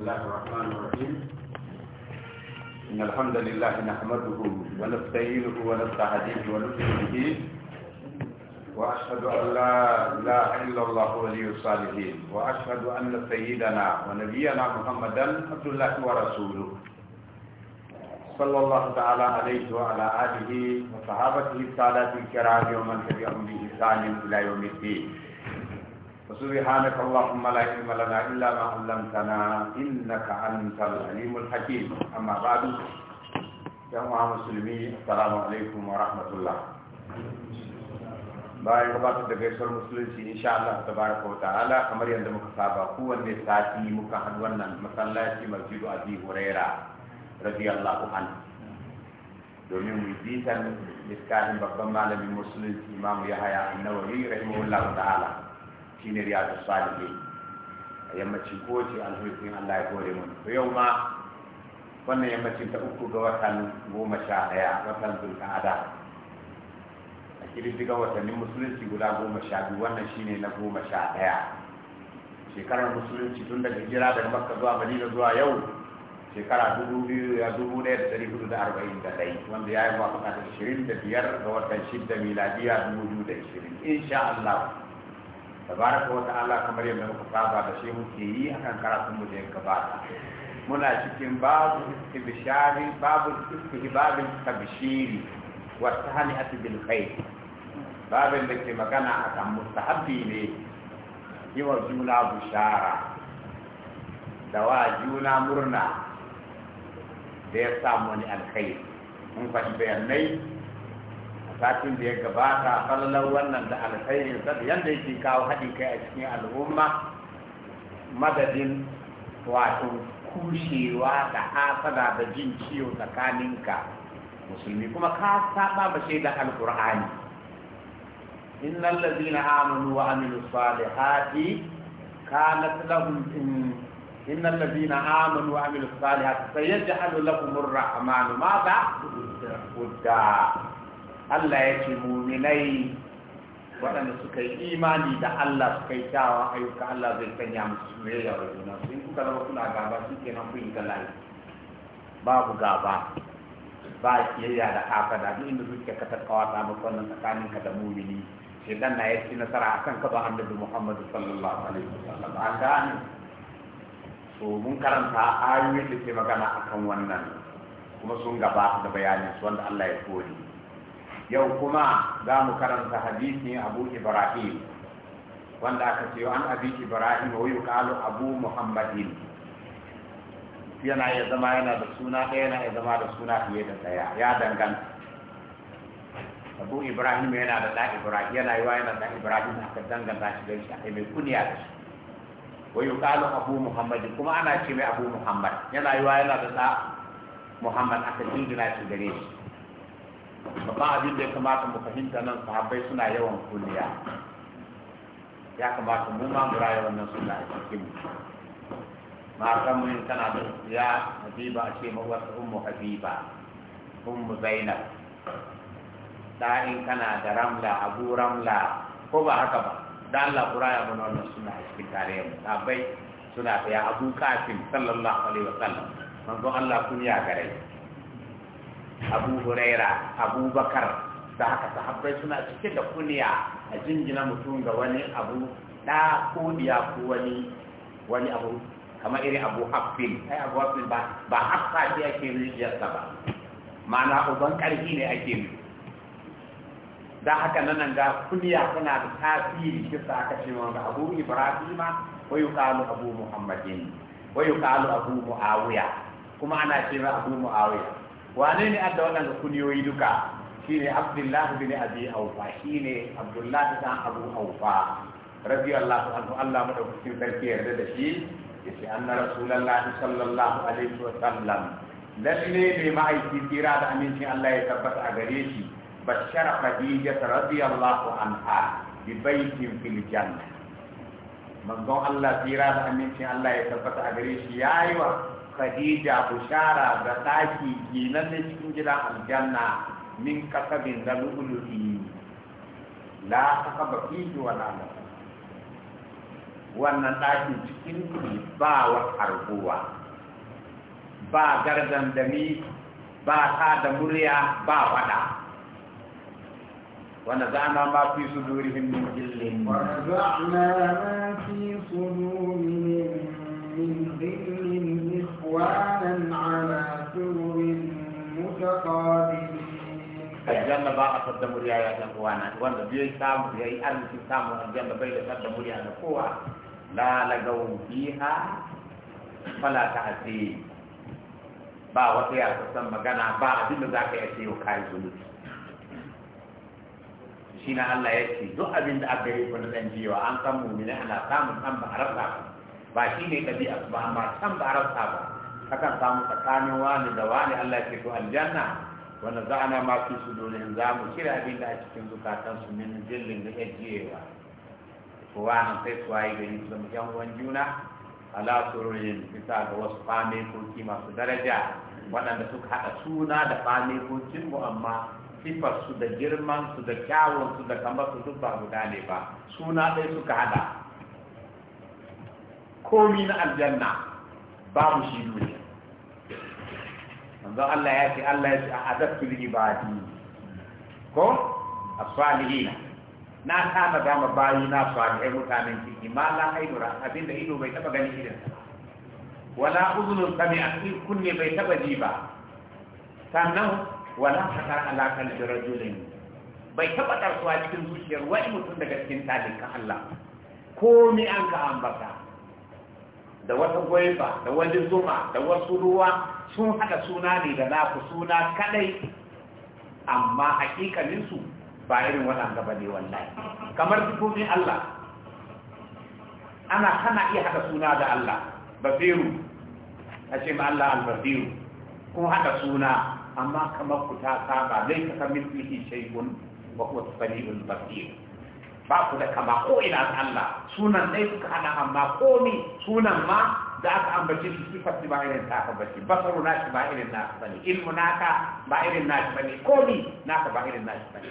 الله الرحمن الرحيم إن الحمد لله نحمده ونستعينه ونستهديه ونؤمن به وأشهد أن لا إله إلا الله ولي الصالحين وأشهد أن سيدنا ونبينا محمدا عبد الله ورسوله صلى الله تعالى عليه وعلى آله وصحابته السادات الكرام ومن تبعهم بإحسان إلى يوم الدين سبحانك اللهم لا علم لنا إلا ما علمتنا إنك أنت العليم الحكيم أما بعد يا مسلمين السلام عليكم ورحمة الله bayan gabatar da gaisuwar musulunci insha Allah tabaraka wa ta'ala kamar yadda muka saba kowanne sati muka haɗu wannan masallaci masjidu Abi Huraira radiyallahu anhu domin mu bitan miskahin babban malamin musulunci Imam Yahaya an rahimahullahu ta'ala shine riyadu salihi a yammacin kowace alhamdulillah Allah ya kore mu to yau ma wannan yammacin ta uku ga watan goma sha daya watan zulkada a kididdiga watannin musulunci guda goma sha biyu wannan shine na goma sha daya shekarar musulunci tun daga hijira daga makka zuwa madina zuwa yau shekara dubu biyu ya dubu ɗaya da ɗari hudu da arba'in da ɗai wanda ya yi mafaka da ashirin da biyar ga watan shidda miladiya dubu biyu da ashirin insha Allah tabaraka wa ta'ala kamar yadda muka saba da shi muke yi akan karatun mu da yanka ba, muna cikin babu istibshari babu istihbabin tabshiri wa tahni'ati bil khair babin da ke magana akan mustahabbi ne yi wa juna bushara da wa juna murna da ya samu wani alkhairi mun faɗi bayanai satin da ya gabata falalar wannan da alkhairin sabu yadda yanda yake kawo haɗin kai a cikin al'umma madadin wato kushewa da hasada da jin ciwo tsakaninka musulmi kuma ka saba ba da alkur'ani Inna allazina amanu wa amilu salihati kanat lahum Inna allazina amanu wa amilu salihati sayaj'alu lahumur rahmanu madha budda Allah ya ce muminai waɗanda suka yi imani da Allah suka yi kyawawan ayyuka Allah zai sanya musu ya a juna su in kuka zama kuna gaba ke nan kun ga galayi babu gaba ba kiyayya da haka da, duk inda suke ka tarkawa ta ba kwanan tsakanin ka da mumini dan na ya ci nasara akan ka ba annabi Muhammadu sallallahu alaihi wasallam an gane to mun karanta ayoyin da ke magana akan wannan kuma sun gaba da bayanin su wanda Allah ya kore yau kuma za mu karanta hadisin abu ibrahim wanda aka ce an abi ibrahim wa yuqalu abu muhammadin yana ya zama yana da suna ɗaya yana ya zama da suna fiye da ɗaya ya danganta abu ibrahim yana da ɗa ibrahim yana yi wa yana ɗan ibrahim aka danganta shi don shi aka mai kuniya da shi wa yuqalu abu muhammad kuma ana ce mai abu muhammad yana yi yana da ɗa muhammad aka jinjina shi gare shi babban abin da ya kamata mu fahimta nan sahabbai suna yawan kulliya ya kamata mu ma mu raya wannan suna a cikin matan mu tana da ya habiba a ce mawarsa ummu habiba ummu zainab da in kana da ramla abu ramla ko ba haka ba da Allah ku raya mana wannan suna a cikin tarihin mu sahabbai suna ta ya abu kafin sallallahu alaihi wasallam manzo Allah kun ya gare abu huraira abubakar da haka sahabbai suna cike da kuniya a jingina mutum ga wani abu da kuniya ko wani wani abu kamar irin abu haffin ai abu haffin ba ba haffa ce ake rijiyarsa ba ma'ana uban ƙarfi ne ake yi da haka nan ga kuniya suna da tasiri kisa aka ce wanda abu ibrahima wa yuqalu abu muhammadin wa yuqalu abu muawiya kuma ana ce abu muawiya wane ne adda waɗanda kuniyoyi duka shine abdullahi bin abi aufa shine abdullahi dan abu aufa radiyallahu anhu Allah madaukakin sarki yarda da shi yace anna rasulullahi sallallahu alaihi wa sallam lalle ne ma'aiki tsira da amincin Allah ya tabbata a gare shi bashara khadija radiyallahu anha bi baitin fil janna manzon Allah tsira da amincin Allah ya tabbata a gare shi yayi wa khadija bushara ga daki ginan ne cikin gidan aljanna min kasabin da lu'lu'i la kasaba fihi wala la wannan daki cikin ba wa harbuwa ba gardan dami ba ta da murya ba wada ونزعنا ما في صدورهم من غل ونزعنا ما في صدورهم من غل رضوانا على سرر متقابلين الجنة بقى قدموا لي يا جنوانا وانا بيي سام بيي ارمي في سام الجنة بيي قدموا لي انا قوا لا لقوا فيها فلا تعزي با وتي على سام مغانا با دين ذاك يسي وكاي زلوت شينا الله يسي دو ابين دا ابي كون دان جيوا ان كان مؤمن انا سام با شيني كدي اسبا ما سام عرب akan samu tsakanin wani da wani Allah ke to aljanna wanda za ana ma fi su dole za mu kira abin da a cikin zukatan su min jillin da jiyewa ko wani sai su wayi gani su zama yan uwan juna ala sururin bisa ga wasu famekoki masu daraja waɗanda suka haɗa suna da famekokin mu amma sifar su da girman su da kyawun su da kamar su duk ba guda ne ba suna ɗaya suka haɗa komi na aljanna babu shi duniya manzon Allah ya ce Allah ya ce a'adattu li ibadi ko as-salihin na kana da ma bayi na salihai mutanen ki imala ainura abinda ido bai taba gani irin wala uzunun sami'a kunne bai taba ji ba sannan wala fata ala kalbi rajulin bai taba tarsuwa cikin zuciyar wani mutum daga cikin talin ka Allah ko ni an ka ambata da wata gwaiba da wani zuma da wasu ruwa sun haɗa suna ne da naku suna kaɗai. amma hakikaninsu ba irin waɗanda ba ne wallahi kamar sifofin Allah ana hana iya haɗa suna da Allah basiru a ce ma Allah albasiru kun haɗa suna amma kamar ku ta saba laifin kamar fihi shaikun kuma tsari'ul basiru ba ku da kama ko ina ta Allah sunan dai suka hada amma komi sunan ma da aka ambace su sifar ba irin ta aka bace basaru na ba irin na shi bane ilmu na ka ba irin na shi bane komi ka ba irin na shi bane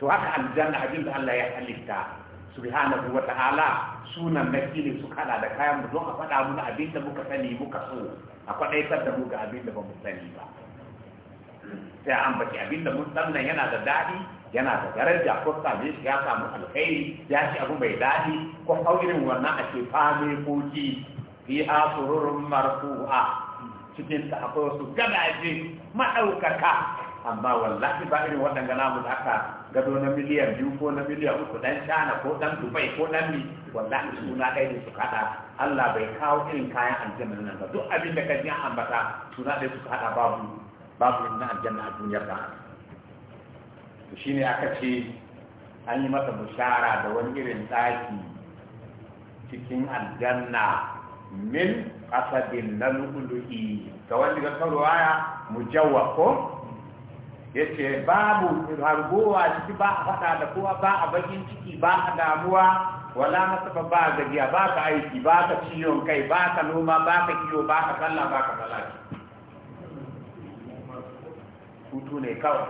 to haka aljanna abin da Allah ya halitta subhanahu wa ta'ala sunan na kili su kada da kayan mu don a faɗa mu abin da muka sani muka so a kwadaitar da mu ga abin da ba mu sani ba sai an baki abinda mun sannan yana da daɗi yana da daraja ko same shi ya samu alkhairi ya ci abu mai daɗi ko irin wannan a ce fame ko fi a sururun marfu'a cikin ta akwai wasu gadaje maɗaukaka amma wallahi ba irin waɗanda namu da aka gado na miliyan biyu ko na miliyan uku dan shana ko dan dubai ko dan mi wallahi suna ɗaya da su kaɗa allah bai kawo irin kayan aljanna nan ba duk abin da ka ji ambata suna ɗaya su kaɗa babu babu yin na aljanna a duniyar da to shine aka ce an yi masa bushara da wani irin ɗaki cikin aljanna min asadin na lu'ulu'i ga wani ga mu mujawwa ko yace babu harbowa ciki ba a faɗa da kowa ba a bakin ciki ba a damuwa wala masaba ba gajiya ba ka aiki ba ka ciyon kai ba ka noma ba ka kiyo ba ka sallah ba ka salati hutu ne kawai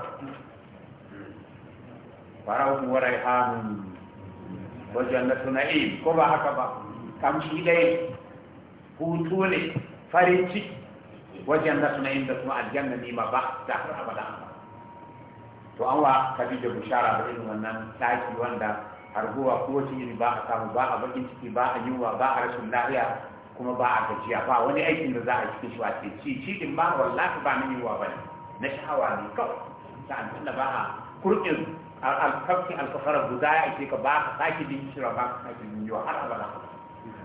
farautu wa wajen wa suna na'im ko ba haka ba kamshi dai hutu ne farin ciki wajen na na'im da kuma aljanna ne ma ba da har abada to an wa da bushara da irin wannan taki wanda har ko kowace iri ba a samu ba a bakin ciki ba a yiwuwa ba a rashin lafiya kuma ba a gajiya ba wani aikin da za a cikin shi wa ce ci ci din ba wallahi ba mini yiwuwa ba ne na shahawa ne kawai da aljanna ba a kurkin alkafin alkafarar guda ya ake ka ba ka sake bin shira ba ka sake bin yiwa har abada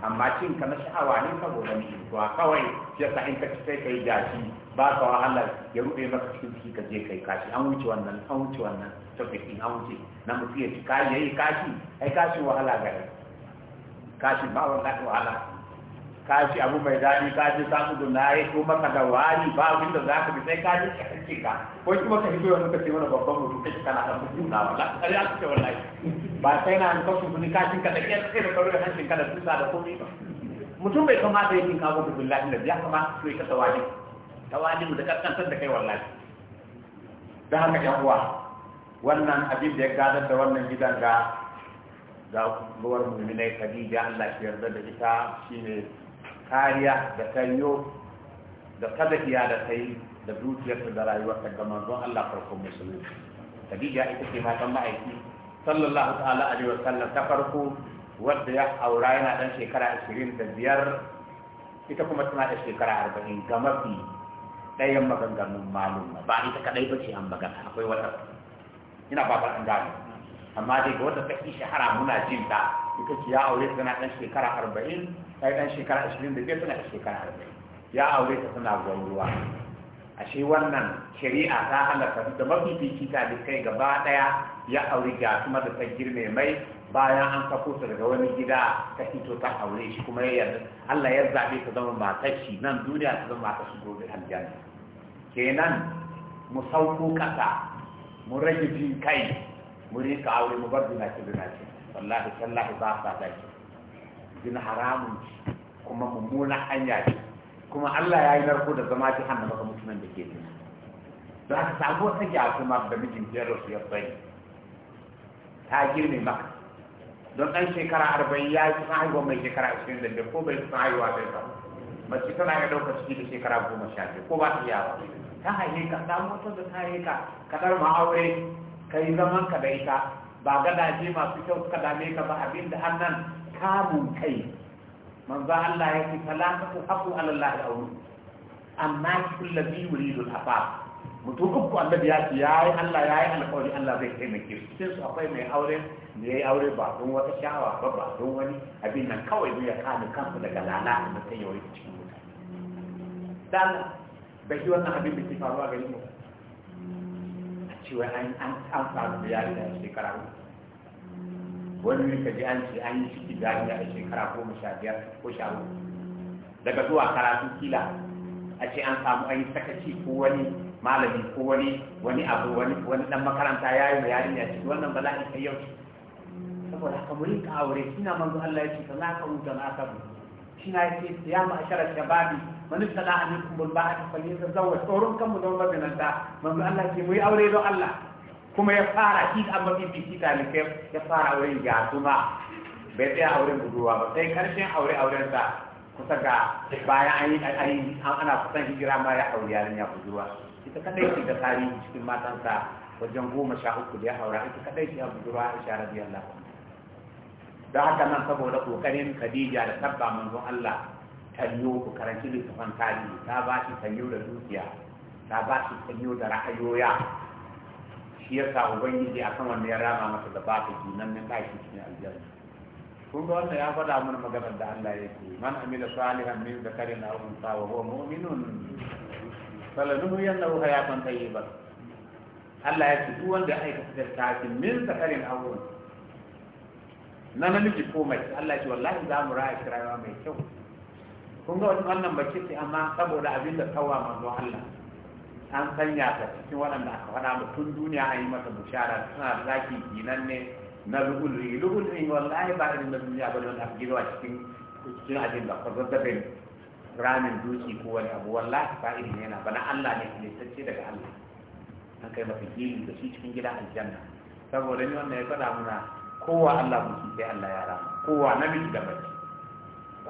amma cin ka na sha'awa ne saboda wa kawai shi yasa in ka ci sai yi gashi ba ka wahala ya rube maka cikin ciki ka je kai kashi an wuce wannan an wuce wannan topic an wuce na mutu ya ci kashi yi kashi ai kashi wahala gare kashi ba wallahi wahala ka ci abu mai daɗi ka ji samu gunda yi ko maka da wari ba abin da ka bi sai ka ji kace ka ko kuma ka hito wani kace mana babban mutu ka kace kana da mutum na wala kare aka ce wallahi ba sai na an kasu ni ka shin ka da kiyar sai da kawai da hancin ka da tusa da komai ba mutum bai kamata ya tinka ba billahi da ya kamata su yi ta tawali tawali da kaskantar da kai wallahi da haka yan uwa wannan abin da ya gadar da wannan gidan ga ga buwar mu'minai Khadija Allah ya yarda da ita shine kariya da kayo da kadakiya da kai da dukiyarsa da rayuwarsa ga manzon Allah farko musulmi Khadija ita ce matan ma'aiki sallallahu ta'ala alaihi wa sallam ta farko wadda ya aura yana dan shekara 25 ita kuma tana da shekara 40 ga mafi ɗayan maganganun maluma ba ita kadai ba ce an magana akwai wata ina ba ba an gano amma dai ga wata ta shahara muna jin ta ita ce ya aure tana ɗan shekara arba'in ta ɗan shekara ashirin da biyar tana da shekara arba'in ya aure ta tana gwauruwa ashe wannan shari'a ta hana ta da mafifici ta kai gaba ɗaya ya aure ga kuma da ta girme mai bayan an kafo ta daga wani gida ta fito ta aure shi kuma ya yarda Allah ya zaɓe ta zama matar shi nan duniya ta zama matar shi gobe aljanna kenan mu sauko kasa mu rage jin kai mu rika aure mu bar dunace dunace wallahi sallahu ba sa da shi haramun kuma mummuna hanya ce kuma Allah ya yi narko da zama hannu ga mutumin da ke zina za ka samu wata ma da mijin jero su ya bari ta girme maka don ɗan shekara arba'in ya yi kusan haihuwa mai shekara ashirin da biyar ko bai kusan haihuwa bai ba mace tana ya ɗauka ciki da shekara goma sha biyu ko ba ta iya ba ta haihe ka samu wata da ta haihe ka ka ɗar aure ka yi zaman ka da ita ba gadaje masu kyau suka dame ka ba abinda annan kamun kai manzo Allah ya ce fala ku hafu ala Allah da auru amma kullabi yuridu al-afaf mutu ku annabi ya ce yayi Allah yayi alƙawari Allah zai kai su sai su akwai mai aure ne yayi aure ba don wata shawa ba ba don wani abin nan kawai ne ya kame kansa daga lalata da kai yawai cikin mutane dan da shi wannan abin da ke faruwa gari mu cewa an an da bilali a shekara wani ne ka ji an ce an yi ciki bilali a shekara goma sha biyar ko sha uku daga zuwa karatu kila a ce an samu an yi sakaci ko wani malami ko wani wani abu wani wani dan makaranta ya yi bayanin ya ce wannan ba za a kai yau saboda haka mu rinka aure suna manzo Allah ya ce ka za ka wuce na aka shi na ya ce ya ma shara shababi man a kafa ya ta falyatazawwaj tsoron kanmu don mazinanta manzo Allah ke mu yi aure don Allah kuma ya fara shi shi ta nufin ya fara wurin gasuma bai tsaya wurin budurwa ba sai karshen aure auren sa kusa ga bayan an yi ana kusan hijira ma ya aure yarinya budurwa ita kadai ce ta tarihi cikin matansa wajen goma sha uku da ya haura ita kadai ce a budurwa shara radiyallahu anha da haka nan saboda kokarin Khadija da tabba manzon Allah tanyo ku karanci littafan tarihi ta ba shi tanyo da dukiya ta ba shi tanyo da ra'ayoya shi ya sa ubangiji akan wanda ya rama masa da baka kinan na shi cikin aljanna kun ga wanda ya faɗa mana maganar da Allah ya ce man amila salihan min zakarin aw unsa wa huwa mu'minun falanuhu yannahu hayatan ba Allah ya ce duk wanda ya aikata da tafin min zakarin aw na namiji ko mai Allah ya ce wallahi za mu ra'ayi rayuwa mai kyau kun ga wani wannan ba kitse amma saboda abin da tawa manzo Allah an sanya ta cikin waɗanda aka faɗa mu tun duniya an yi masa bushara suna da zaki ginan ne na lugulri lugulri wallahi ba irin na duniya ba wanda aka girwa cikin cikin abin da ko zazzabin ramin duki ko wani abu wallahi ba irin yana ba na Allah ne halittacce daga Allah an kai masa gini da shi cikin gida aljanna saboda ni wannan ya faɗa muna kowa Allah mutum sai Allah ya rama kowa namiji da mace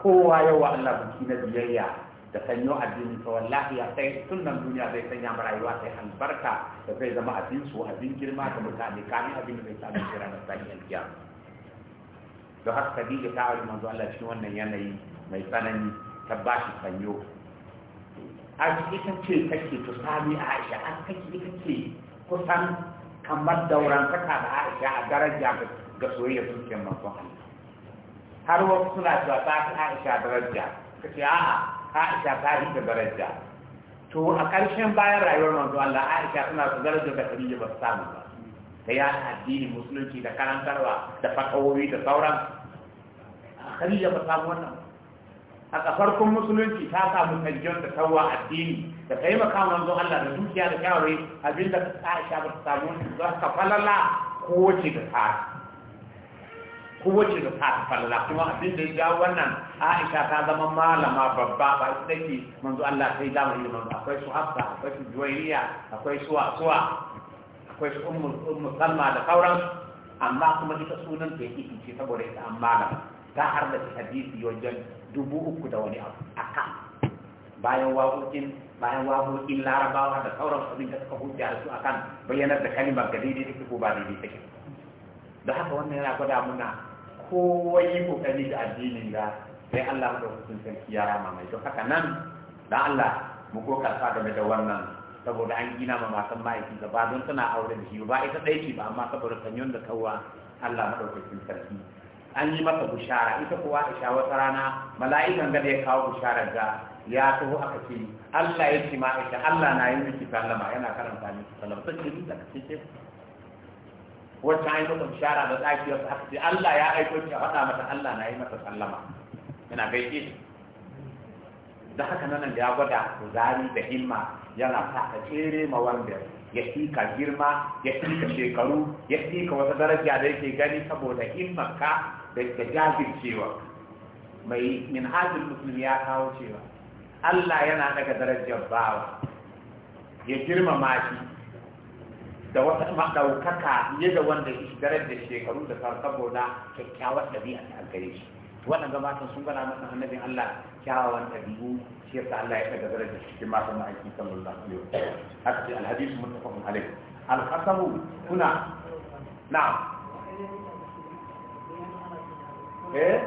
kowa wa Allah biki na biyayya da sanyo addini ta wallahi ya sai sunan duniya zai sanya mu rayuwa sai albarka da zai zama abin su abin girma ga mutane kamin abin da zai samu kira na sani alkiya don haka Khadija ta aure manzo Allah cikin wannan yanayi mai tsanani ta ba shi sanyo a ita ce kake ta sami Aisha an kake ita ce kusan kamar dauran saka da Aisha a daraja ga soyayya suke manzo Allah har wasu suna cewa ta fi Aisha daraja ce a'a Aisha ta yi da daraja to a ƙarshen bayan rayuwar manzo Allah Aisha tana da daraja da kariya ba samu ba ta ya addini musulunci da karantarwa da fatawowi da sauran kariya ba samu wannan haka farkon musulunci ta samu kajiyar da tawa addini da taimaka manzo Allah da dukiya da shawari abinda Aisha ba ta samu za ka falala kowace da ta kowace da ta falla kuma abin da ya ga wannan Aisha ta zama malama babba ba ita take manzo Allah sai da mai manzo akwai su Hafsa akwai su Juwairiya akwai su Suwa akwai su Ummu Ummu Salma da sauran amma kuma ita sunan ta yake ce saboda ita an malama ta har da hadisi wajen dubu uku da wani abu aka bayan waƙoƙin bayan waƙoƙin larabawa da sauran abin da suka hujja da su akan bayyanar da kalimar da daidai take ko ba daidai take da haka wannan yana gwada muna kowa yi kokari da addinin da sai Allah da hukun sarki ya rama mai don haka nan da Allah mu ko karfa game da wannan saboda an gina ma matan ma'aiki gaba don tana aure da shi ba ita ɗaya ba amma saboda sanyon da kawwa Allah maɗaukakin sarki an yi masa bushara ita kuwa Aisha wata rana mala'ikan ga da ya kawo bushara ga ya taho aka ce Allah ya ce ma Allah na yi miki sallama yana karanta miki sallama sai ce ni da wacce an yi mata bishara da tsaki wasu aka ce Allah ya aiko ki a faɗa mata Allah na yi mata sallama yana gaishe shi da haka nan da ya gwada kuzari da himma yana sa ka tsere ma wanda ya ka girma ya ka shekaru ya ka wata daraja da yake gani saboda himmarka da da jajircewa mai min hajjin musulmi ya kawo cewa Allah yana daga darajar bawa ya girmama shi da wata maɗaukaka fiye da wanda ya shigarar da shekaru da farko na kyakkyawar ɗabi'a ta gare shi wannan gabatan sun gana masa annabin Allah kyawawan ɗabi'u shi yasa Allah ya ɗaga shi, cikin matan ma'aiki sallallahu alaihi wa sallam haka ce alhadisu muttafaqun alaihi alqasamu kuna na'am eh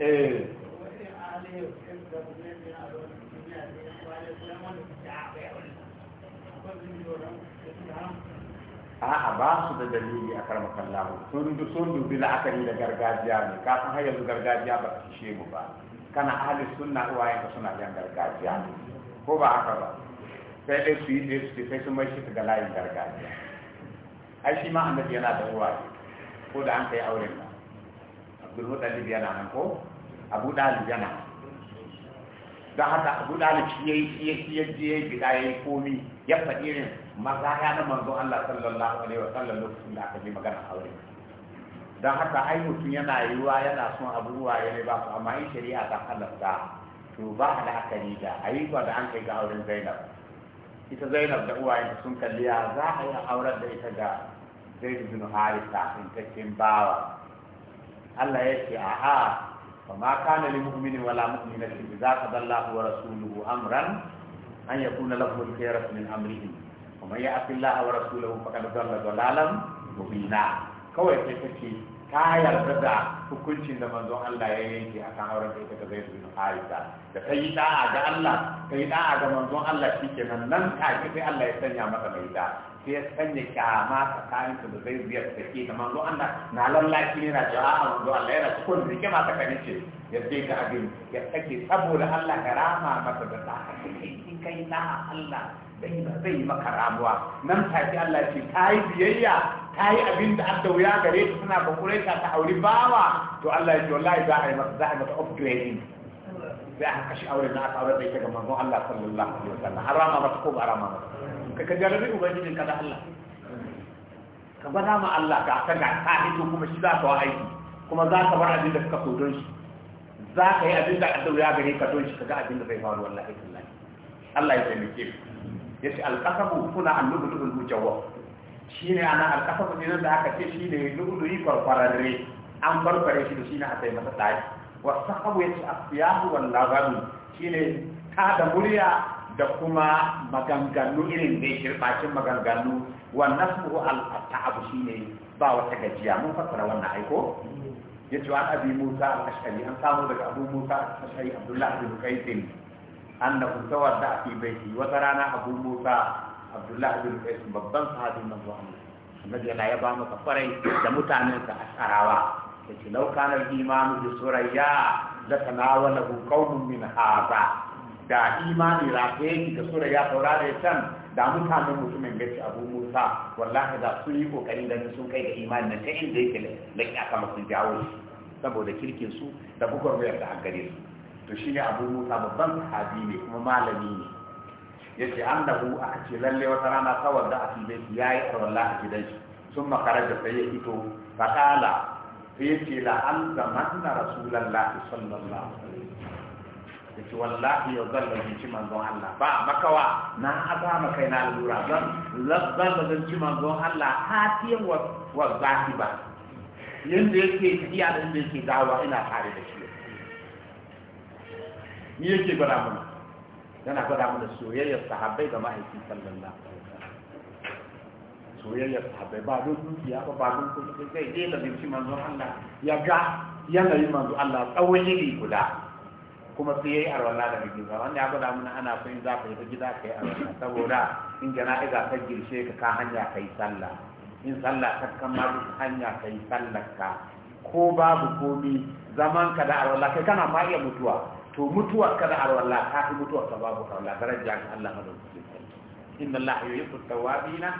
eh a'a ba su da dalili a karma kallahu sun du sun bi la'akari da gargajiya ne ka san har yanzu gargajiya ba ta ishe mu ba kana ahli sunna uwayen ka suna jan gargajiya ko ba haka ba sai dai su yi dai su sai sun mai shi ga layin gargajiya ai shi ma annabi yana da uwaye ko da an kai auren nan abdul mutalib yana nan ko abu dalib yana nan don haka abu dalib shi ya yi shi ya ya gida ya yi komi ya faɗi irin mazaya na manzon Allah sallallahu alaihi wa sallam lokacin da aka yi magana aure don haka ai mutum yana yiwuwa yana son abubuwa ya ne ba su amma in shari'a ta halatta to ba a la'akari da ayyuka da an kai ga auren zainab ita zainab da Uwaye sun kalli ya za a yi auren da ita ga zaid bin harisa intaccen bawa Allah ya ce a'a فما كان لمؤمن ولا مؤمنة إذا قضى الله ورسوله أمرا أن يكون لهم الخيرة من أمرهم ومن يعص الله ورسوله فقد ضل ضلالا مبينا كوي كيكي ta yarda da hukuncin da manzon Allah ya yanke a kan auren kai ta zai bin Aisha da ta yi da'a ga Allah ta yi da'a ga manzon Allah shikenan nan take sai Allah ya sanya masa mai da sai sanya kyama tsakanin su da zai biyar da ke da manzo Allah na lallaci ne na jawa a manzo Allah yana cikin rike mata tsakanin ce ya ce ga abin ya sake saboda Allah ka rama masa da ta in kai na Allah dai ba zai yi maka ramuwa nan take Allah ce ta yi biyayya ta yi abin da aka wuya gare ta suna bakure ta ta auri bawa to Allah ya ce wallahi za a yi masa za a yi masa upgrading sai aka kashe aure na aka aure da ita ga manzo Allah sallallahu alaihi wasallam har rama masa ko ba rama masa da ka jarabi ubangijin ka da Allah ka gwada ma Allah ka aka ga ta hito kuma shi za ka wa aiki kuma za ka bar abin da suka so don shi za ka yi abin da addabu dauya gare ka don shi ka ga abin da bai faru wallahi billahi Allah ya taimake mu yace alqasabu kuna annubul mujawwab shine ana alqasabu ne da aka ce shine luluyi dare, an farfare shi da shine aka yi masa dai wa sahabu yace asyahu wal shi shine ta da murya da kuma maganganu irin da shirɓacin maganganu wannan su al-ta'abu ne ba wata gajiya mun fassara wannan aiko Ya ce wa abi Musa al-Ash'ari an samu daga Abu Musa al-Ash'ari Abdullah ibn Qais annahu tawadda fi baiti wa tarana Abu Musa Abdullah bin Qais babban sahabin manzo Allah annabi yana ba mu kafarai da mutanen sa asharawa yace lau kana al-imanu bi surayya la tanawalahu qaumun min hadha da imani rafe ki da sura ya saura da can da mutanen mutumin gaci abu musa wallahi da sun yi kokari da sun kai da imani na ta inda yake ya kama masu jawo saboda kirkin su da wayar da hankali su to shi ne abu musa babban sahabi ne kuma malami ne ya ce an dahu aka ce lalle wata rana kawar da a filin ya yi tsarwallah a gidan shi sun makara da sai ya fito fakala sai ya ce la an zamanna rasulallah sallallahu alaihi da ce wallahi yau zan da ci manzon Allah ba makawa na aza ma kai na lura zan zan da ci manzon Allah hatiyan wa zafi ba yadda yake tiya da inda yake dawa ina tare da shi ni yake gwada mana yana gwada mana soyayyar sahabbai da ma'aikin sallallahu soyayyar sahabbai ba don dukiya ba ba don kuma kai, zai da binci manzon Allah ya ga yanayin manzon Allah tsawon yiri guda kuma sai yayi arwala da biki ba wanda ya gwada mana ana so in za ka yi gida ka yi arwala saboda in jana'iza ta girshe ka ka hanya ka yi sallah in sallah ta kammar hanya ka yi sallar ka ko babu komi zaman ka da arwala kai kana ma iya mutuwa to mutuwa ka da arwala ka fi mutuwa ka babu arwala daraja ga Allah madaukakin inna Allah yuhibbu tawabina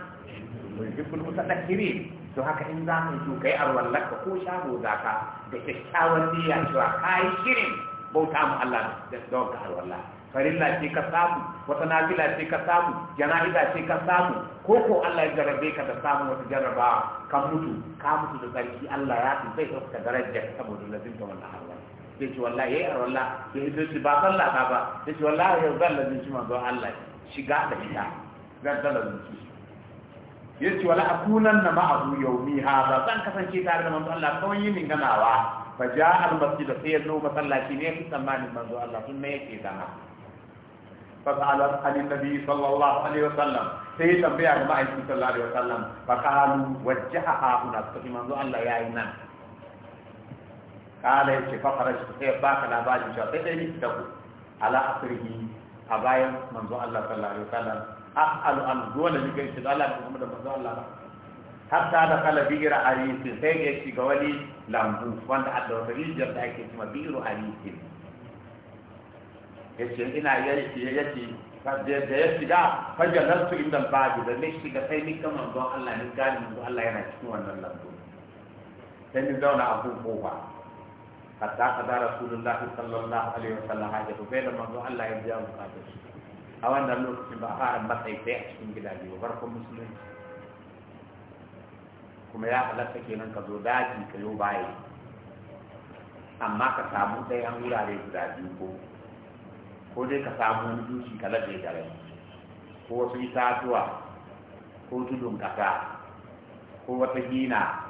wa yuhibbu mutatahhirin to haka in za ka yi to kai arwallar ka ko shago zaka da kyakkyawan niyya cewa kai shirin bauta mu Allah da don ka alwala farilla ce ka samu wata nafila ce ka samu jana'iza ce ka samu ko ko Allah ya jarrabe ka da samu wata jarrabawa ka mutu ka mutu da tsarki Allah ya zai ɗauka daraja saboda lazimta wannan alwala sai ce wallahi ya eh, arwalla sai ido shi ba sallah ta ba sai ce wallahi yau zan lazin shi manzo Allah shiga da ita zan zan lazin shi yace wala akunan na ma'ahu yawmi hada zan kasance tare da manzo Allah tsawon min ganawa fa ja al masjid sai ya zo masallaci ne su tsammanin manzo Allah sun ne yake zama fa sa'ala alin nabi sallallahu alaihi wasallam sai ya tambaya ga ma'aiki sallallahu alaihi wasallam fa qalu wajjaha huna sai manzo Allah yayi nan kala yace fa kharajtu sai baka labarin cewa sai dai ni ku ala asrihi a bayan manzo Allah sallallahu alaihi wasallam as'alu an dole ni ga shi Allah da Muhammad manzo Allah hatta da kala biyar arisin sai da ya shiga wani lambu wanda a da wata rijiyar da ake kuma biyar arisin ya ce ina yarki ya ce da ya shiga fajar nan su inda baji da ne shiga sai ni kan manzon Allah ni gani manzon Allah yana cikin wannan lambu sai ni zauna a kun kofa hatta ka da rasulullah sallallahu alaihi wasallam haje ko bai da manzon Allah ya biya bukatar shi a wannan lokacin ba a fara matsayi sai a cikin gidaje ba farkon musulunci kuma ya halatta kenan ka zo daji ka yo baye amma ka samu ɗaya an wurare guda biyu ko ko dai ka samu wani dushi ka laɗe da rai ko wasu itatuwa ko tudun kasa ko wata gina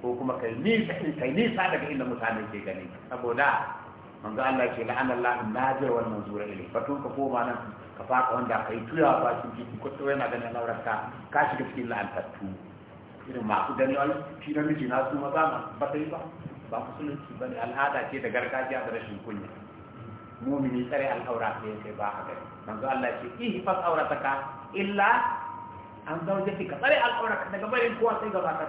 ko kuma kai nisa kai nisa daga inda mutane ke gani saboda manzo Allah ce la'ana Allah najir wal manzura ilai batun ka koma nan ka faka wanda kai tuya ba shi ko to yana ganin laurarka ka shiga cikin la'antattu irin masu gani wani shi na miji maza ba, ba ta yi ba ba musulunci ba ne al'ada ce da gargajiya da rashin kunya mumini tsare al'aura ne sai ba a gari manzo Allah ce ihi fas aurataka illa an zauje ka tsare al'aura daga bayan kowa sai gaba ka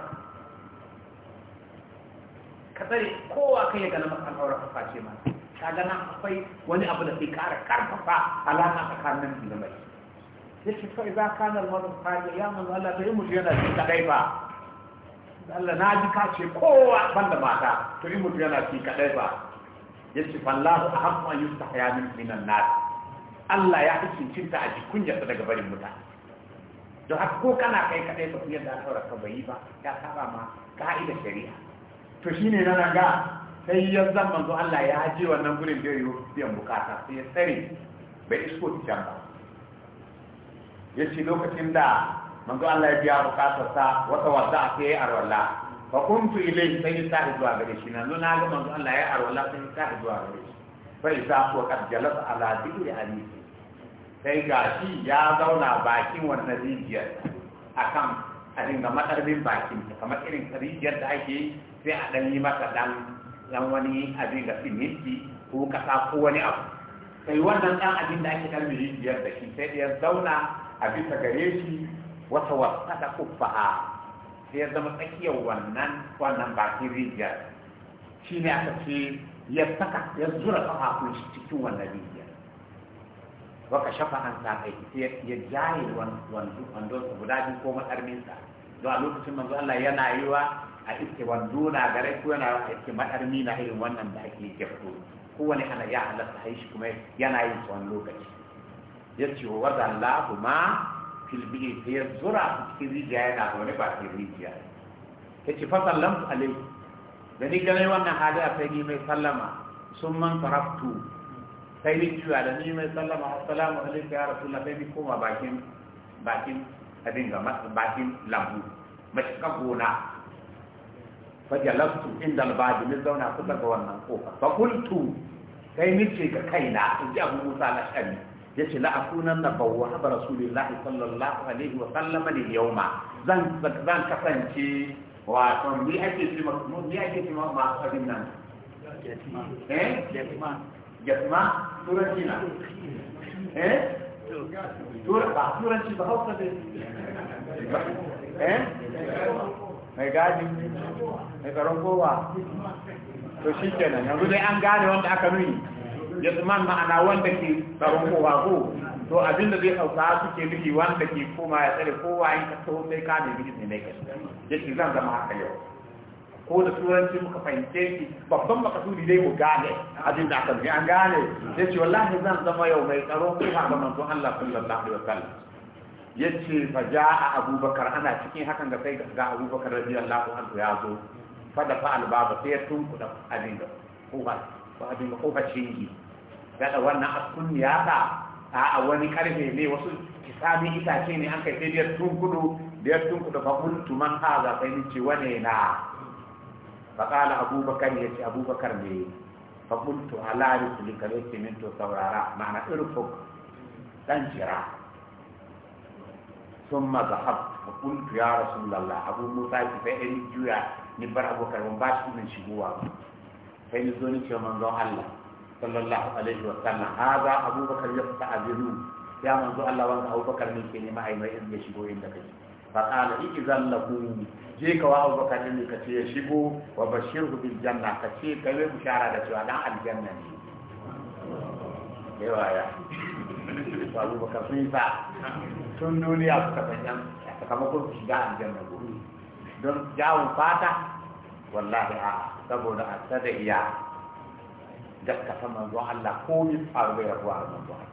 ka tsare kowa kai yi na maka al'aura ka face ma ka ga akwai wani abu da sai ƙara karfafa alaka tsakanin da mai yake fa idza ka al-mar'u qali ya mun Allah bai mu yana shi kadai ba Allah na ji ka ce kowa banda mata to yi mutu yana shi kadai ba yace fallahu ahamma yustahya min minan nas Allah ya fi cincinta a jikun ta daga barin mutane don haka ko kana kai kadai ba kunyar da saura ka bai ba ya saba ma ka'idar shari'a to shine na nan ga sai ya zan zo Allah ya ji wannan gurin da yiwu biyan bukata sai ya tsare bai isko ta ba ya ce lokacin da manzo Allah ya biya sa wata wadda a sai arwala fa kuntu ilai sai ya tafi zuwa gare shi nan na ga manzo Allah ya arwala sai ya tafi zuwa gare shi fa isa ko kad jalasa ala dikri ali sai ga shi ya zauna bakin wannan rijiyar akan a dinga matsarbin bakin ta kamar irin rijiyar da ake sai a dan yi masa dan dan wani abin da siminti ko kasa ko wani abu sai wannan dan abin da ake kalmi rijiyar da shi sai ya zauna a bisa gare shi wata wasa da a sai ya zama tsakiyar wannan wannan bakin rijiyar shi ne aka ce ya saka ya zura kafafun shi cikin wannan rijiyar waka shafa an sa kai sai ya jaye wandonsa guda biyu ko matsarminsa don a lokacin manzo Allah yana yi wa a iske wando na gare ko yana a iske matsarmi na irin wannan da ake gyafto kowane ana ya halatta haishi kuma yana yin tsawon lokaci ya ce wa wadda lahu ma filbiri ta ya zura su cikin rijiya yana da wani bakin rijiya ya ce fasallan lamsu alai da ni ganin wannan hali a sai ni mai sallama sun man saraftu sai ni ciwa da ni mai sallama assalamu alaikum ya rasu sai ni koma bakin bakin abin ga bakin lambu mashiga gona fajalastu inda albaji ni zauna kusa ga wannan kofa fakultu sai ni ce ga kaina in ji abu musa na shari'a yace la akunan na bawwa ba rasulullah sallallahu alaihi wa sallam lil yawma ma. zan kasance wa to ni ake ce ma ni ake ce ma ma abin nan eh jasma jasma turanci na eh tura ba turanci ba hausa ne eh mai gadi mai karon kowa to shi kenan yanzu dai an gane wanda aka nuni yasman ma'ana wanda ke tsaron kowa ko to abin da zai hausa suke nufi wanda ke koma ya tsare kowa yin ka taho sai ka nemi ne ne kai yace zan zama haka yau ko da turanci muka fahimce shi babban makasudi dai mu gane abin da aka an gane ce wallahi zan zama yau mai tsaron kowa ga manzon Allah sallallahu alaihi wasallam yace fa jaa abubakar ana cikin hakan ga sai ga abubakar radiyallahu anhu ya zo fa da fa albaba sai ya da abin da ba abin da kofa shingi daɗa wannan askun ya a wani karfe ne wasu kisami itace ne an kai sai biyar tun kudu biyar tun kudu kuntu tuman haza sai ni ce wane na kala abubakar ya ce abubakar ne faƙul to ne kare ce min to saurara ma'ana irfuk dan jira sun mazahab faƙul kuntu ya rasu lalla abu musa ki sai ɗari juya ni bar abubakar ban ba shi nan shigowa sai ni zo ni ce manzon allah sallallahu alaihi wa sallam haza abubakar ya fita a biru ya manzo Allah wanda abubakar ne ke nema ai mai ya shigo inda kake fa qala ikzan lahu je ka wa abubakar ne ka ce ya shigo wa bashirhu bil janna ka ce ka yi bushara da cewa dan aljanna ne yawa ya to abubakar sun yi sa tun duniya suka sanyan sakamakon shiga aljanna gobe don jawon fata wallahi a saboda a sadaiya gaskata manzo Allah ko ni farbe ya yarwa da manzo Allah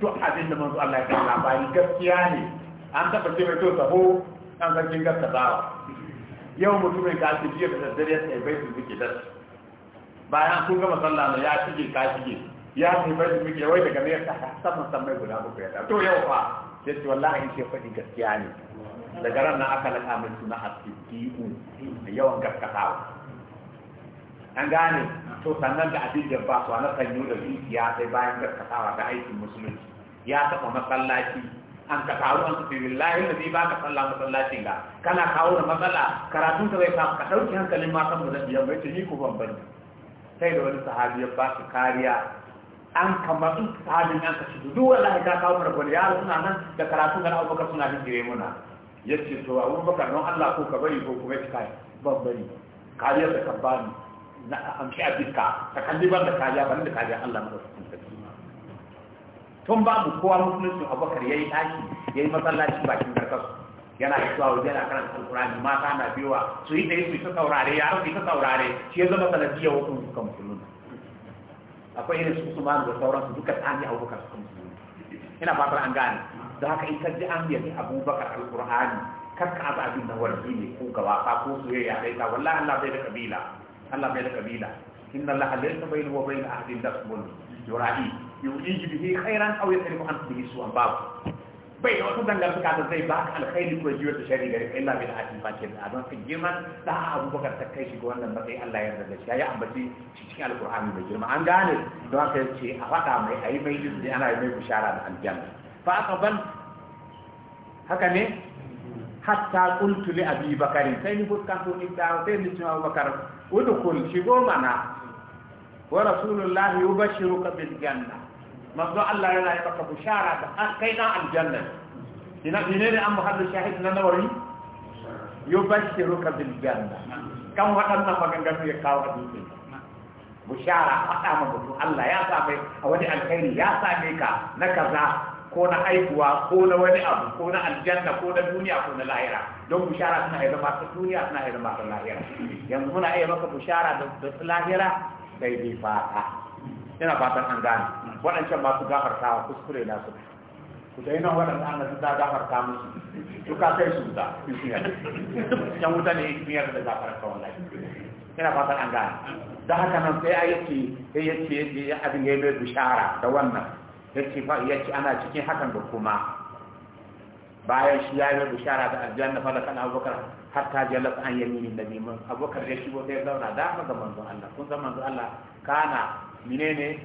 to abin da manzo Allah ya ba ni gaskiya ne an taba ce mai to taho an sarkin ba yau mutumin kashi jiya da daddare ya sai bai su zuke Ba bayan kun gama sallah ya shige ka shige ya sai bai su ke wai daga ne ya saka saman san mai guda uku ya to yau fa sai ce wallahi in ce faɗi gaskiya ne daga ran nan aka laka mai suna hasiddiqu yawan gaskatawa an gane to sannan da abin da ba su na sanyo da dukiya sai bayan karkatawa da aikin musulunci ya taɓa masallaci an ka taru an fi lahi da zai baka sallah masallacin ga kana kawo da matsala karatun ka zai ka ka ɗauki hankalin matan mu zai biyan bai ni ko ban bane sai da wani sahabi ya ba su kariya an kamar sun sahabin an ka shigo duk wallahi ka kawo mana gwani yaro suna nan da karatu ga abubakar suna jin jire muna ya ce to abubakar don allah ko ka bari ko kuma ya kai ban bari kariyar da kan bani na ka amshi a fiska ta kalli ban da kariya ban da kariya Allah madaukakin sarki tun ba mu kowa musulunci abubakar ya yi ɗaki ya yi masallaci bakin karkasu yana isuwa waje yana karanta alkurani mata na biyuwa su yi yi su yi ta saurare yaron su ta saurare shi ya zama sanadiyya wasu suka musulunci akwai irin su suma da sauransu duka tsani abubakar suka musulunci ina fatar an gane da haka in ka ji an yabi abubakar alkurani kakka abin da warfi ne ko gawasa ko soyayya ɗaya wallahi Allah bai da kabila Allah bai da kabila inna Allah laysa bainahu wa bain ahadin dasbun yura'i yu'iji bihi khairan aw yasrifu an bihi su'an babu bai da wata dangantaka da zai baka alkhairi ko jiwa ta shari gare ka illa bil ahadin fakir a don ka girman da Bakar ta kai shi ga wannan matsayi Allah ya yarda da shi ya ambaci cikin alqur'ani mai girma an gane don haka yace a faɗa mai ayi mai jinsi ana mai bishara da aljanna fa aqbal haka ne hatta qultu li abi bakari sai ni fuskan to ni dawo sai ni cewa bakar udkhul shigo mana wa rasulullahi yubashiruka bil janna manzo Allah yana yi maka bushara da kai na aljanna ina ne ne an muhallu shahid na nawari yubashiruka bil janna kan waɗannan maganganu ya kawo hadisi bushara faɗa ma mutum Allah ya sa mai a wani alkhairi ya sa same ka na kaza ko na haihuwa ko na wani abu ko na aljanna ko na duniya ko na lahira don bushara suna iya zama ta duniya suna iya zama ta lahira yanzu muna iya maka bushara da ta lahira daidai fata yana fatan an gane waɗancan masu gafartawa kuskure na su ku dai nan waɗanda an nasu ta gafarta musu su ka kai su wuta yan wuta ne biyar da gafarta wallahi yana fatan an gane da haka nan sai a yake sai yake abin ya yi bushara da wannan yace ana cikin hakan da kuma bayan shi ya yi bishara da aljanna fa lakan abubakar hatta jalasa an yamini nabi mun abubakar ya shigo sai zauna da ga manzo Allah kun san manzo Allah kana menene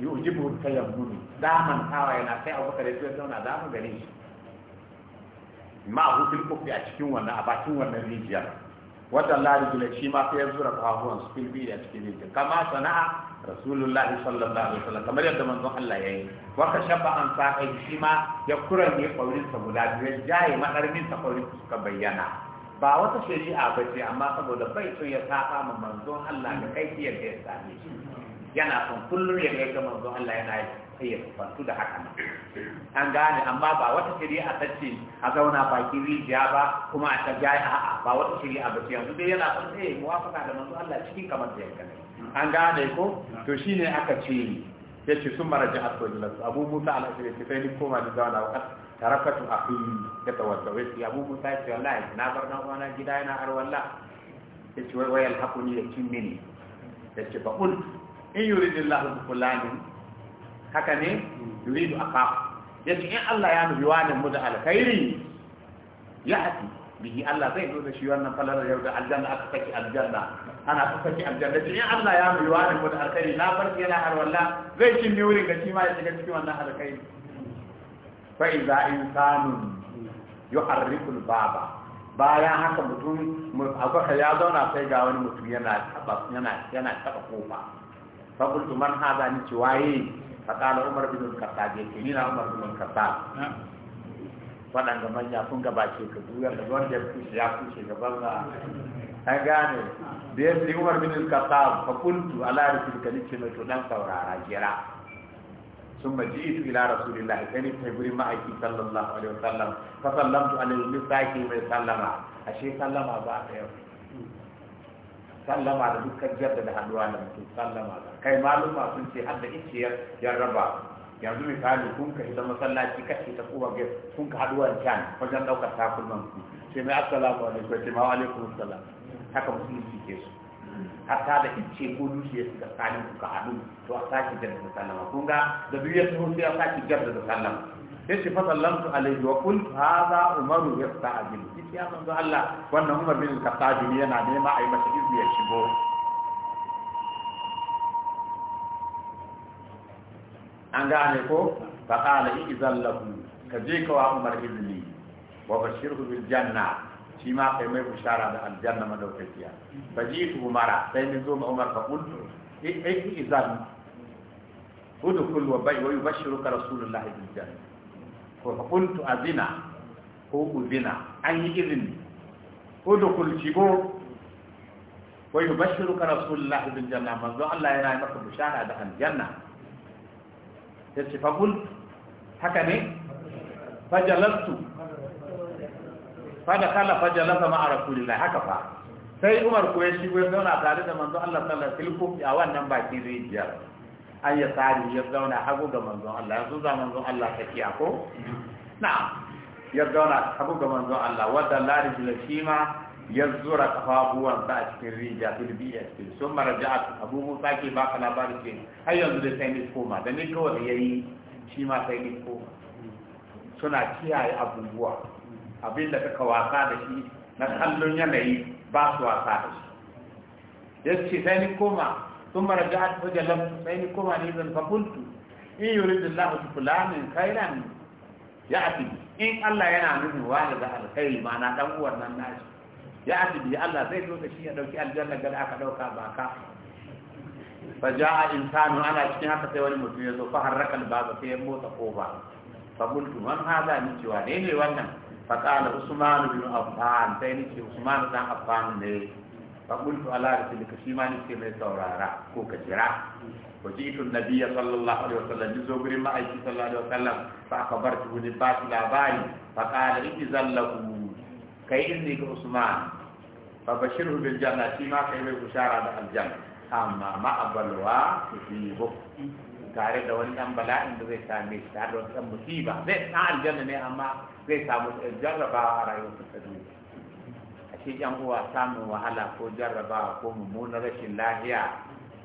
yujibu da man tawa yana sai abubakar ya zauna da mu gare shi ma hutul kufi a cikin wannan a bakin wannan rijiya watan larigula shi ma sai ya zura kafafuwan su filbi da cikin rinjin kama sana'a rasulullah sallallahu alaihi wasallam kamar yadda manzon Allah ya yi wa ka shabba an sa'a shi ma ya kuranye kaurin sa guda biyu ya jaye madarmin sa kaurin suka bayyana ba wata shari'a ba ce amma saboda bai so ya saba ma manzon Allah da kai ya same shi yana son kullum ya ga manzon Allah yana yi sai ya fantu da haka an gane amma ba wata shari'a ta ce a zauna baki rijiya ba kuma a ta jaya a'a ba wata shari'a ba ce yanzu dai yana san sai eh, ya muwafaka da manzo Allah cikin kamar da yanka ne an gane ko to shine aka ce ni ya ce sun mara jihar sojilas abu musa al'asiri ce sai ni koma ni zauna wa tarakatu a fi ya tawadda wai ce abu musa ya ce wallahi na bar na uwana gida yana har walla ya ce wai wayal hakuni da cin mini ya ce ba in yuridillahu bi fulanin haka ne yuridu aqab yace in Allah ya nufi wani mu da alkhairi ya haƙi bihi Allah zai zo da shi wannan falalar yau da aljanna aka saki aljanna ana ta saki aljanna yace in Allah ya nufi wani mu da alkhairi na farki yana har walla zai cin ni wurin gaci ma ya shiga cikin wannan alkhairi fa idza insanun yuharrikul baba bayan haka mutum akwai ya zauna sai ga wani mutum yana taba yana yana taba kofa fa kuntu man hada ni ci waye فقال عمر بن الخطاب يكنين عمر بن الخطاب ga manya sun gabace ka duya da wanda ya kushe ya kushe gaban na an gane da ya sai umar bin al-khattab fa kuntu ala rasulika nace mai to dan saurara jira sun ba ji'itu ila rasulillahi kani ta guri ma'aiki sallallahu alaihi wasallam fa sallamtu alaihi bi saki mai sallama ashe sallama ba da yau sallama da dukkan jarda da haduwa da mutum sallama da kai maluma sun ce har da iciyar ya raba yanzu misali kun ka hita masallaci kashi ta kuma ga kun ka haduwa can wajen daukar takulman ku ce mai assalamu alaikum ce ma alaikum assalam haka musulunci ke su hatta da ice ko dushi ya suka tsakanin ku ka haɗu to a sake jarda da sallama kun ga da duk ya taho sai a sake jarda da sallama ليش فضلمت عليه وقلت هذا عمر يستعجل قلت يا ان الله وان عمر بن الخطاب ان انا ما اي ان لي الشبور عندنا هو فقال اذا له كجيك عمر ابني وبشره ان فيما قيمة بشارة الجنة ما دو كتيا فجيت عمر فين زوم ان فقلت إيه إذا هدو كل وبي ويبشرك رسول الله بالجنة ko fa kuntu azina ko uzina an yi izini ko da kulcigo wai yi bashiru ka rasulullahi bin janna manzo Allah yana maka bishara da aljanna ya ce fagul haka ne fajalattu fada kala fajalata ma'a rasulullahi haka fa sai umar ko ya shigo ya zauna tare da manzo Allah sallar alaihi wasallam a wannan baki zai biyar an ya tsari ya zauna hagu ga manzon Allah yanzu za manzon Allah tafiya ko Na, ya zauna hagu ga manzon Allah wadda lari da shi ma ya zura kafafuwan ba a cikin rija bilbi ya cikin sun maraja'at abu sake ba ka labarin ce har yanzu da sai ni koma da ni kawai ya yi shi ma sai ni koma suna kiyaye abubuwa abin da suka wasa da shi na kallon yanayi ba su wasa da shi ya ce sai ni koma ثم رجعت فجلبت بينكما اذا فقلت ان يريد الله فلانا خيرا in Allah yana nufin wani da alkhairi ma na dan uwan nan nashi ya asibi Allah zai zo da shi ya ɗauki aljanna gada aka ɗauka ba ka fa jaa insanu ana cikin haka sai wani mutum ya zo fa harraka albaba sai ya motsa kofa fa man ni ne ne wannan fa qala usman bin affan sai ni ce ne فقلت على رسولك شيما نسكي مي سورارا كوكا جرا وجئت النبي صلى الله عليه وسلم جزو قرم أيكي صلى الله عليه وسلم فأخبرته نبات الأباري فقال إني له كي إني كعثمان فبشره بالجنة شيما كي مي بشارة الجنة أما ما أبلوا يصيبه tare da wani ɗan bala'in da zai same shi tare da wani ɗan musiba zai ɗan aljanna ne amma zai samu jarrabawa a rayuwarsa ta duniya cikin yan uwa samun wahala ko jarrabawa ko mummunar rashin lahiya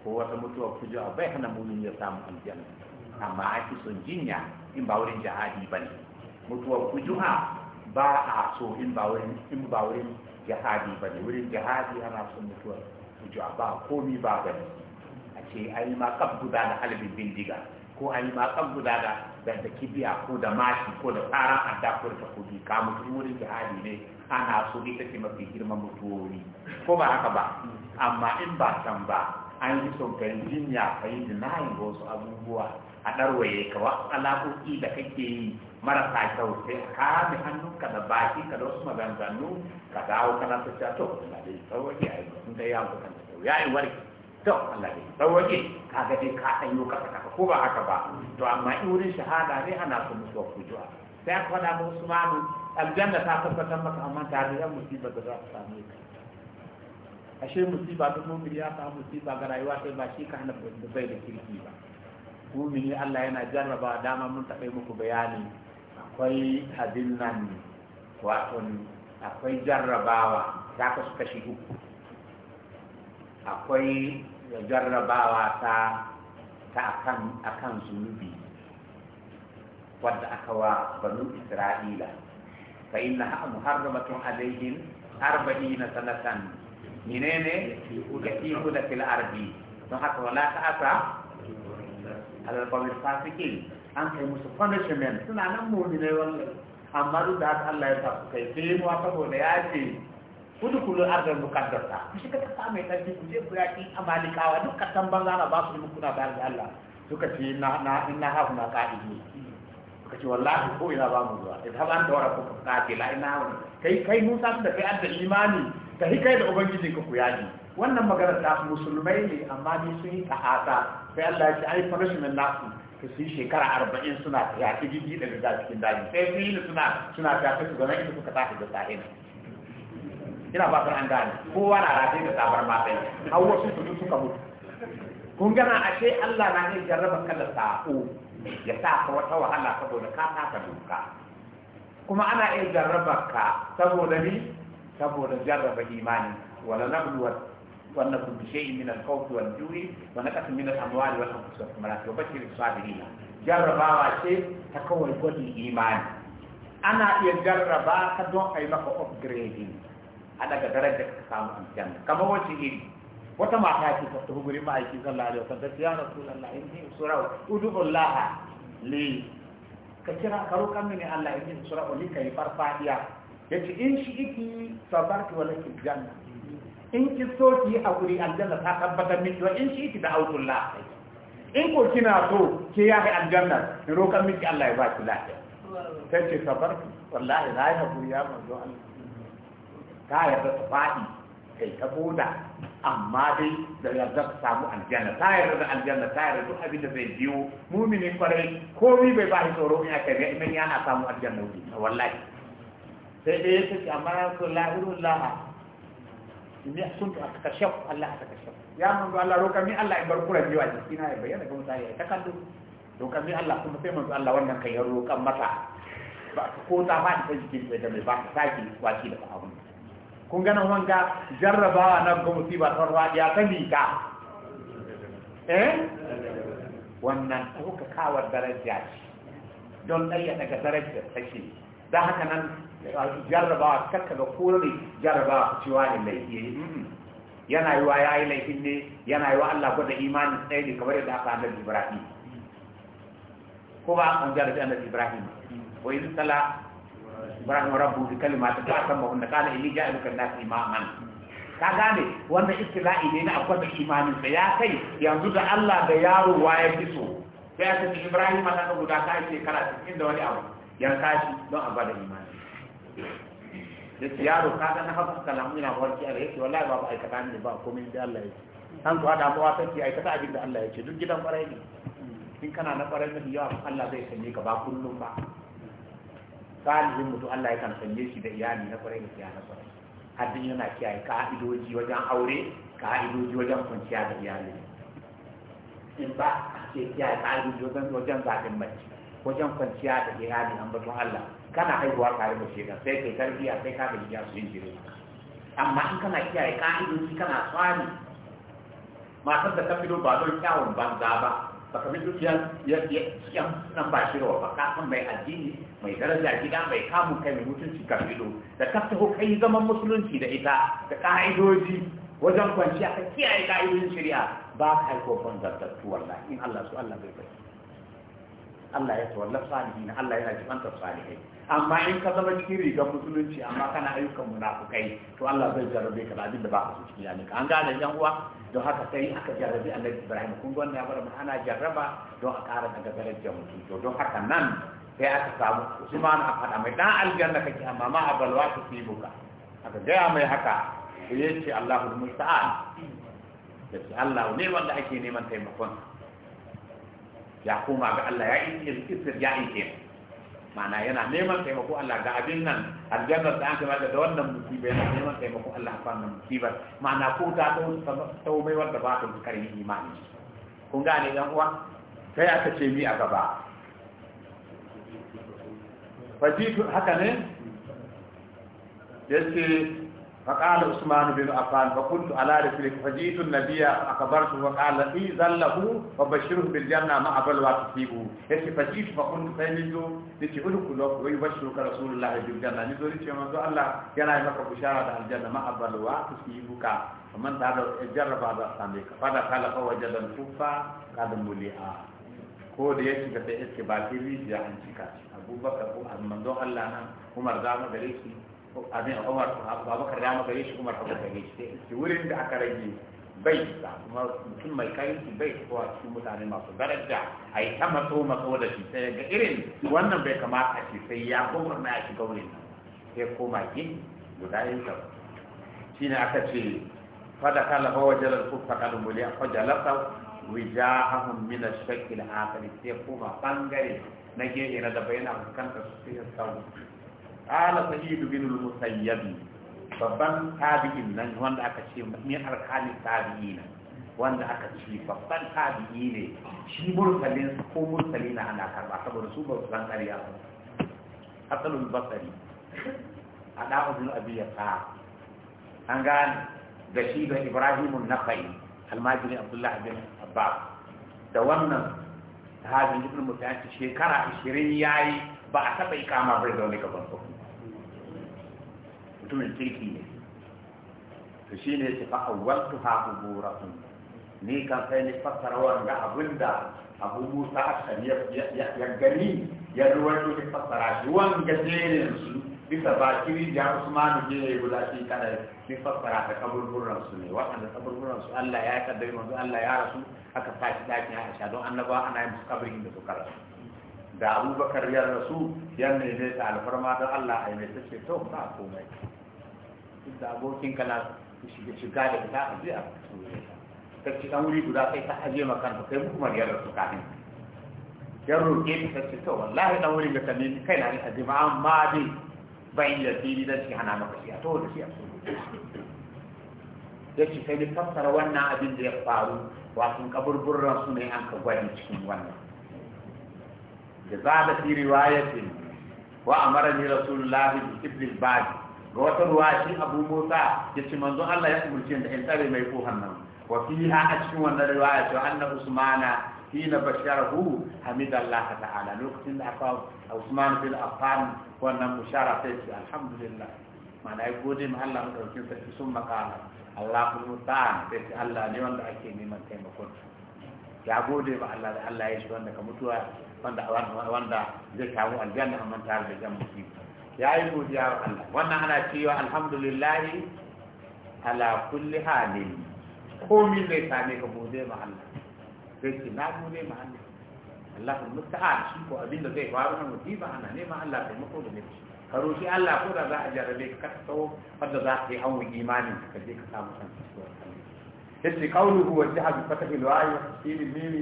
ko wata mutuwa ku ji bai hana munin ya samu aljanna amma an fi son jinya in ba wurin jihadi ba ne mutuwar kujuha ba a so in ba wurin in ba wurin jihadi ba ne wurin jihadi ana son mutuwar kujuha ba komi ba ga ne a ce ai ma kan guda da halibin bindiga ko ai ma kan guda da da kibiya ko da mashi ko da tsaran adda ko da takobi ka mutu wurin jihadi ne ana so ita ce mafi girman mutuwoyi ko ba haka ba amma in ba can ba an yi son kai jinya ka yi denying wasu abubuwa a ɗarwaye ka wasu alaƙoƙi da kake yi marasa kyau sai a mi hannunka da baki ka da wasu maganganu ka dawo kana ta cewa to Allah dai sauwaƙe a yi sun dai yawon kan kyau ya yi warke to Allah dai sauwaƙe ka ga dai ka ɗan yi kasa ko ba haka ba to amma in wurin shahada ne ana so musu wa fujuwa sai aka faɗa musu mamu aljanna ta tabbatar maka amma ta da yan musibar da za ta same ka ashe musiba ta mumin ya samu musiba ga rayuwa sai ba shi ka hana bai da kirki ba mumini Allah yana jarraba dama mun taɓa muku bayani akwai abin nan wato akwai jarrabawa za ka suka shigo akwai jarrabawa ta ta akan akan zunubi wadda aka wa banu isra'ila fa innaha muharramatun alayhim arba'ina sanatan minene yatiku da fil arbi to hakka wala ta asa alal qawl fasikin an kai musu fanda shemen suna nan mu ne ne wallahi amma duk da Allah ya sa kai sai mu aka ko da yace kudu kulu arda mukaddasa shi ka ta mai tarki ku je ku ya ki amalikawa duk katan banza na ba su muku na da Allah duka ce na na ina hafu na ka'idi suka ce wallahi ko ina ba mu zuwa idan an da wara ku ke la ina wani kai kai Musa da kai adda imani ka hikai da ubangiji ka ku yaji wannan magana ta musulmai ne amma ni sun yi ta'ata sai Allah ya ce ai punishment nasu ka su yi shekara arba'in suna yaƙi gidi da gida cikin daji sai sun yi suna suna tafi su zama ita suka tafi da sahin ina ba fatar an gane kowa na rataye da sabar matsayi har wasu su suka mutu kun gana ashe Allah na iya jarraba kala sa'o ya sa ka wata wahala saboda ka taka doka kuma ana iya jarraba ka saboda ni saboda jarraba imani wala na nabluwa wannan kun bishe min al-khawfi wal juri wa naqas min al-amwal wal anfus wal thamarat wa bashir as-sabirin jarrabawa ce ta kawai gwajin imani ana iya jarraba ka don a yi maka upgrading a daga darajar ka samu aljanna kamar wacce iri wata mata ce ta tafi gurin ma'aiki sallallahu alaihi wasallam ta ya rasulullah inni usra'u udullah li ka kira karo kan mini Allah inni usra'u li kai farfadiya yace in shi iki sabarki wala ki janna in ki so ki a guri aljanna ta tabbatar min, wa in shi iki da autullah in ko kina so ke ya kai aljanna in roƙa miki Allah ya ba ki lafiya sai ce sabarki wallahi na yi haƙuri ya manzo Allah ta yarda ta faɗi kai ta boda amma dai da yarda ka samu aljanna ta yarda da aljanna ta yarda duk abin da zai biyo mumini kwarai komai bai ba shi tsoro ina kai ga imani yana samu aljanna wuce wallahi sai dai yake ce amma ya so lahirun laha in ya sun ta ka kashaf Allah ka kashaf ya manzo Allah roƙa mi Allah in bar kura biwa jiki ina ya bayyana ga mutane ya takallu roƙa mi Allah kuma sai manzo Allah wannan kai ya roƙan mata ba ko ta ba ta jikin sai da mai ba ta saki kwaci da abun kun gana wanga jarrabawa na ga musiba ta radiya ta lika eh wannan kawar daraja ce don ɗaya daga darajar take da haka nan jarrabawa kakka ga kore jarrabawa cewa ne mai yi yana yi wa ya yi laifin ne yana yi wa Allah gwada imanin tsaye ne kamar yadda aka annabi Ibrahim ko ba an jarrabi annabi Ibrahim ko yi sala ibrahim rabbu bi kalimati ta san ba kana ili kan nas imaman ka gane wanda istila'i ne na akwai imanin da ya kai yanzu da Allah da yaro waye kiso sai ta ci ibrahim ma guda kai ce kana cikin da wani abu yanka kashi don a bada imani da yaro ka ga na hafa kalamu na warki a yake wallahi babu aikata ne ba komai da Allah yake an zuwa da mawa sai aikata abin da Allah ya ce duk gidan farai ne in kana na kwarai ne yawa Allah zai sanye ka ba kullum ba salihin mutum Allah ya kan sanye shi da iyali na kwarai da iyali na kwarai haddin yana kiyaye ka'idoji wajen aure ka'idoji wajen kwanciya da iyali in ba a ce kiyaye ka'idoji wajen wajen zaɓin mace wajen kwanciya da iyali an batun Allah kana haihuwa tare da shi sai kai tarbiyya sai ka ga jiya su yin jire amma in kana kiyaye ka'idoji kana tsari matar da ta fito ba don kyawun banza ba baka bi dukiya ya nan ba shi rawa ba ka san mai addini mai daraja gida mai kamun kai mai mutunci kabilu da ka kai zaman musulunci da ita da ka'idoji wajen kwanciya ka kiyaye ka'idojin shari'a ba ka yi kofan zartattu wallahi in Allah su Allah bai bai Allah ya tawalla salihin Allah yana jibanta salihai amma in ka zama cikin rigar musulunci amma kana ayyukan munafukai to Allah zai jarrabe ka da abin da ba ka so cikin Ka an gane yan uwa don haka sai aka jarrabe Annabi Ibrahim kun ga wannan ya bar ana jarraba don a ƙara daga darajar mutum to don haka nan sai aka samu Usman a faɗa mai dan aljanna kake amma ma balwa ta A aka gaya mai haka yace Allahul musta'an yace Allah ne wanda ake neman taimakon ya koma ga Allah ya istir ya mana yana neman taimako Allah ga abin nan aljannar da an kama da wannan musibar yana neman taimako Allah a wannan musibar mana ko ta tau mai wanda ba ta karin imani kun gane yan uwa sai aka ce mi a gaba fajitu haka ne yace فقال عثمان بن عفان فقلت على رسولك فجئت النبي اخبرته وقال اذا له وبشره بالجنه مع بلوى تصيبه يتي فجئت فقلت سيدو يتي ادخل ويبشرك رسول الله بالجنه نزول يتي ما الله كان يمك بشاره الجنه مع بلوى تصيبك ومن تعالى جرب بعد صندوق فدا قال فوجد الكفه قد مليئا كود da ya shiga sai iske ابو بكر rijiya an الله نعم. عمر ko manzon abin Umar Abubakar da maka shi Umar Abubakar da shi sai wurin da aka rage bai da kuma mutum mai kayanci bai kowa cikin mutane masu daraja a yi ta matso matso da shi sai ga irin wannan bai kamata a ce sai ya gowar na ya shiga wurin nan sai koma gini guda yin sa shi ne aka ce fada kala fa wajalar ku faka lumuli a fajalata wijahahum mina shakki shakl akhar sai koma bangare na gefe na da bayyana fuskantar su sai ya qala sa'id bin al-musayyib babban tabi'in nan wanda aka ce arkani wanda aka ce babban tabi'i ne shi mursalin ko mursali na ana karba saboda su ba su san ƙarya ba asalul basari a da'udun abiyya ta an gane da shi da ibrahimun nafai almajiri abdullahi bin abbas da wannan hajjin ibn mutayanci shekara 20 yayi ba a taba ikama bai da wani gaban ba. mutumin kirki ne to shi ne su fa awwaltu ha sun ni kan sai ni fassara wanga abinda abu musa akan ya gani ya ruwaito ne fassara shi wanga jerin su bisa kiri da usmanu je ya guda shi kada ne fassara ta kaburburan su ne waɗanda kaburburan su Allah ya kaddari manzo Allah ya rasu aka tashi dakin sha don annaba ana yin kabirin da su karatu da abubakar ya rasu yan ne ta alfarma don allah a yi mai tace to ba komai da abokin ka na shiga shiga da ta a ta ci dan wuri guda kai ta aje ma ta kai mu kuma riyar su kafin ya roke ta ta ce to wallahi dan wurin da ka nemi kai na ni aje ma amma dai bai da tiri da shi hana maka shi a to da shi a ya ce kai da fassara wannan abin da ya faru wato kaburburran su ne an ka gwani cikin wannan da za da fi riwayatin wa amara ni rasulullahi bi ibn al-badi ga wata ruwa shi abu musa ya ce manzo allah ya umurce da in tare mai ko nan wa fiha a cikin wannan riwaya to anna usmana na basharahu hamidallahi ta'ala lokacin da aka usman bil afan wannan bushara ta ce alhamdulillah mana ya gode ma allah madaukin sarki sun makala allah ku ta da ce allah ne wanda ake neman taimakon ya gode ma allah da allah ya shi wanda ka mutuwa wanda wanda zai kawo aljanna amma tare da jama'a ya yi godiya wa Allah wannan ana cewa alhamdulillah ala kulli halin komi zai same ka gode ma Allah sai ce na gode ma Allah Allah kun musta'an shi ko abin da zai faru na musiba ana nema Allah kai mako da nake ka roki Allah ko da za a jarabe ka ka tsawo wanda za ka yi hawan imani ka je ka samu san cikin yace qawluhu wa jahabi fatahil wa ayyuhu fi mimmi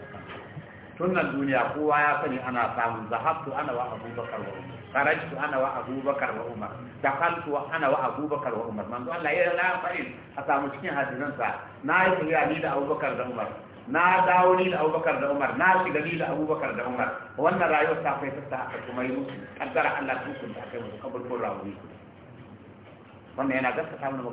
tun nan duniya kowa ya sani ana samun zahabtu ana wa abubakar wa umar karajtu ana wa abubakar wa umar dakhaltu ana wa abubakar wa umar manzo Allah ya la farin a samu cikin hadisan sa na yi tafiya ni da abubakar da umar na dawo ni da abubakar da umar na shiga ni da abubakar da umar wannan rayuwar ta kai ta haka kuma yi musu kaddara Allah tukun da kai musu kabul ko rawuni wannan yana gaskata mana